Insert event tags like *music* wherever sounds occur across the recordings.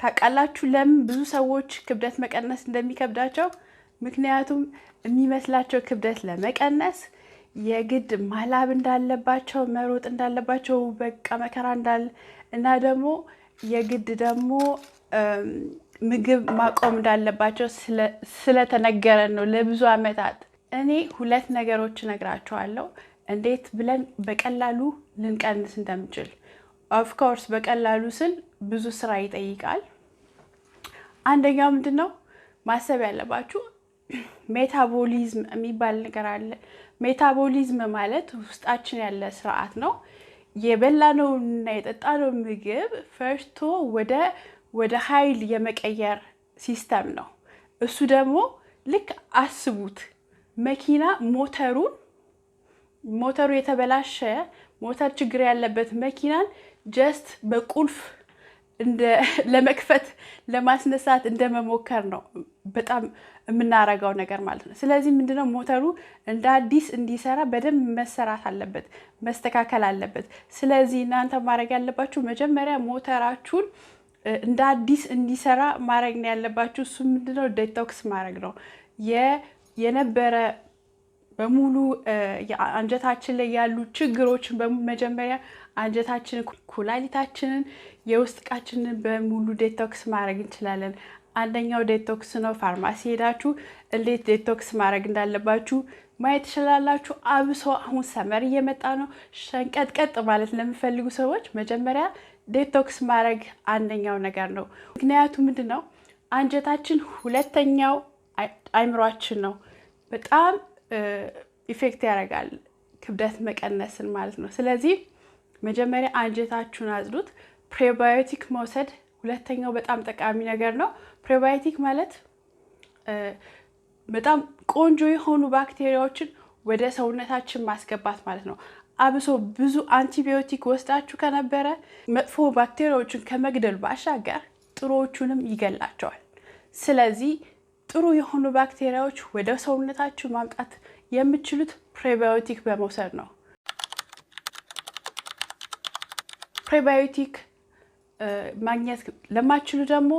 ታውቃላችሁ ለምን ብዙ ሰዎች ክብደት መቀነስ እንደሚከብዳቸው? ምክንያቱም የሚመስላቸው ክብደት ለመቀነስ የግድ ማላብ እንዳለባቸው፣ መሮጥ እንዳለባቸው፣ በቃ መከራ እንዳለ እና ደግሞ የግድ ደግሞ ምግብ ማቆም እንዳለባቸው ስለተነገረን ነው ለብዙ ዓመታት። እኔ ሁለት ነገሮች እነግራችኋለሁ እንዴት ብለን በቀላሉ ልንቀንስ እንደምችል ኦፍኮርስ በቀላሉ ስል ብዙ ስራ ይጠይቃል። አንደኛው ምንድን ነው ማሰብ ያለባችሁ ሜታቦሊዝም የሚባል ነገር አለ። ሜታቦሊዝም ማለት ውስጣችን ያለ ስርዓት ነው። የበላነውንና የጠጣነውን ምግብ ፈጭቶ ወደ ወደ ኃይል የመቀየር ሲስተም ነው። እሱ ደግሞ ልክ አስቡት መኪና ሞተሩን ሞተሩ የተበላሸ ሞተር ችግር ያለበት መኪናን ጀስት በቁልፍ *laughs* ለመክፈት ለማስነሳት እንደመሞከር ነው በጣም የምናረገው ነገር ማለት ነው። ስለዚህ ምንድነው ሞተሩ እንደ አዲስ እንዲሰራ በደንብ መሰራት አለበት፣ መስተካከል አለበት። ስለዚህ እናንተ ማድረግ ያለባችሁ መጀመሪያ ሞተራችሁን እንደ አዲስ እንዲሰራ ማድረግ ነው ያለባችሁ። እሱ ምንድነው ዴቶክስ ማድረግ ነው የነበረ በሙሉ አንጀታችን ላይ ያሉ ችግሮችን በመጀመሪያ አንጀታችንን፣ ኩላሊታችንን፣ የውስጥ እቃችንን በሙሉ ዴቶክስ ማድረግ እንችላለን። አንደኛው ዴቶክስ ነው። ፋርማሲ ሄዳችሁ እንዴት ዴቶክስ ማድረግ እንዳለባችሁ ማየት ትችላላችሁ። አብሶ አሁን ሰመር እየመጣ ነው። ሸንቀጥቀጥ ማለት ለሚፈልጉ ሰዎች መጀመሪያ ዴቶክስ ማድረግ አንደኛው ነገር ነው። ምክንያቱ ምንድን ነው? አንጀታችን ሁለተኛው አይምሯችን ነው። በጣም ኢፌክት ያደርጋል ክብደት መቀነስን ማለት ነው። ስለዚህ መጀመሪያ አንጀታችሁን አጽዱት። ፕሬባዮቲክ መውሰድ ሁለተኛው በጣም ጠቃሚ ነገር ነው። ፕሬባዮቲክ ማለት በጣም ቆንጆ የሆኑ ባክቴሪያዎችን ወደ ሰውነታችን ማስገባት ማለት ነው። አብሶ ብዙ አንቲቢዮቲክ ወስዳችሁ ከነበረ መጥፎ ባክቴሪያዎችን ከመግደል ባሻገር ጥሩዎቹንም ይገላቸዋል። ስለዚህ ጥሩ የሆኑ ባክቴሪያዎች ወደ ሰውነታችሁ ማምጣት የምትችሉት ፕሬባዮቲክ በመውሰድ ነው። ፕሬባዮቲክ ማግኘት ለማትችሉ ደግሞ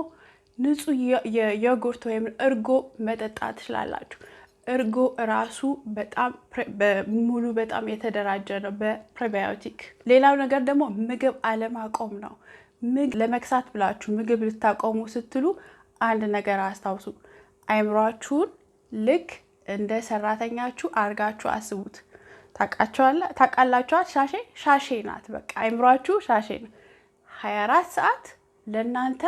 ንጹህ የዮጉርት ወይም እርጎ መጠጣት ትችላላችሁ። እርጎ ራሱ በጣም ሙሉ በጣም የተደራጀ ነው በፕሬባዮቲክ። ሌላው ነገር ደግሞ ምግብ አለማቆም ነው። ለመክሳት ብላችሁ ምግብ ልታቆሙ ስትሉ አንድ ነገር አስታውሱ። አይምሯችሁን ልክ እንደ ሰራተኛችሁ አርጋችሁ አስቡት። ታውቃላችኋል። ሻሼ ሻሼ ናት። በቃ አይምሯችሁ ሻሼ ነው። ሀያ አራት ሰዓት ለእናንተ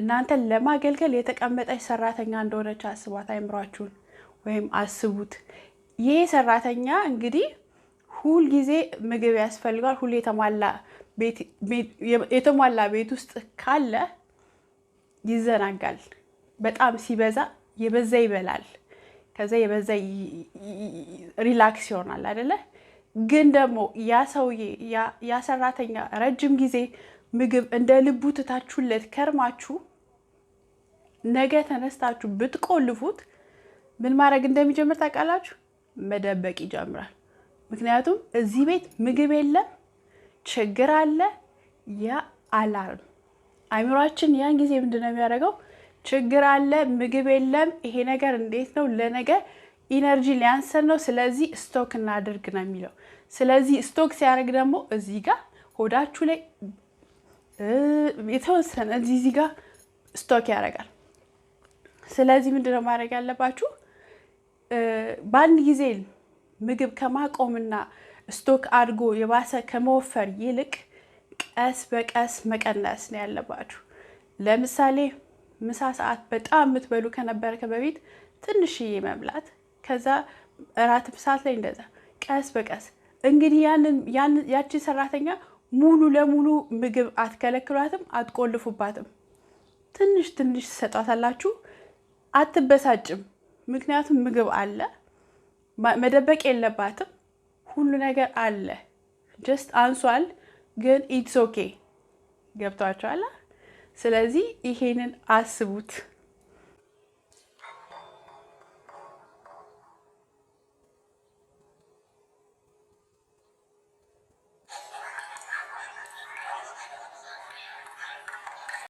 እናንተን ለማገልገል የተቀመጠች ሰራተኛ እንደሆነች አስቧት። አይምሯችሁን ወይም አስቡት። ይሄ ሰራተኛ እንግዲህ ሁል ጊዜ ምግብ ያስፈልገዋል። ሁሌ የተሟላ ቤት ውስጥ ካለ ይዘናጋል። በጣም ሲበዛ የበዛ ይበላል። ከዛ የበዛ ሪላክስ ይሆናል አይደለ? ግን ደግሞ ያ ሰውዬ ያ ሰራተኛ ረጅም ጊዜ ምግብ እንደ ልቡ ትታችሁለት ከርማችሁ ነገ ተነስታችሁ ብትቆልፉት ምን ማድረግ እንደሚጀምር ታውቃላችሁ? መደበቅ ይጀምራል። ምክንያቱም እዚህ ቤት ምግብ የለም፣ ችግር አለ። ያ አላርም አይምሯችን ያን ጊዜ ምንድነው የሚያደርገው? ችግር አለ፣ ምግብ የለም። ይሄ ነገር እንዴት ነው? ለነገ ኢነርጂ ሊያንሰን ነው። ስለዚህ ስቶክ እናድርግ ነው የሚለው። ስለዚህ ስቶክ ሲያደርግ ደግሞ እዚህ ጋር ሆዳችሁ ላይ የተወሰነ እዚህ እዚህ ጋር ስቶክ ያደርጋል። ስለዚህ ምንድነው ማድረግ ያለባችሁ? በአንድ ጊዜ ምግብ ከማቆምና ስቶክ አድጎ የባሰ ከመወፈር ይልቅ ቀስ በቀስ መቀነስ ነው ያለባችሁ። ለምሳሌ ምሳ ሰዓት በጣም የምትበሉ ከነበረ ከበፊት ትንሽዬ መብላት፣ ከዛ እራት ሰዓት ላይ እንደዛ ቀስ በቀስ እንግዲህ ያችን ሰራተኛ ሙሉ ለሙሉ ምግብ አትከለክሏትም፣ አትቆልፉባትም። ትንሽ ትንሽ ትሰጧታላችሁ። አትበሳጭም፣ ምክንያቱም ምግብ አለ፣ መደበቅ የለባትም። ሁሉ ነገር አለ። ጀስት አንሷል፣ ግን ኢትስ ኦኬ። ገብቷችኋል? ስለዚህ ይሄንን አስቡት።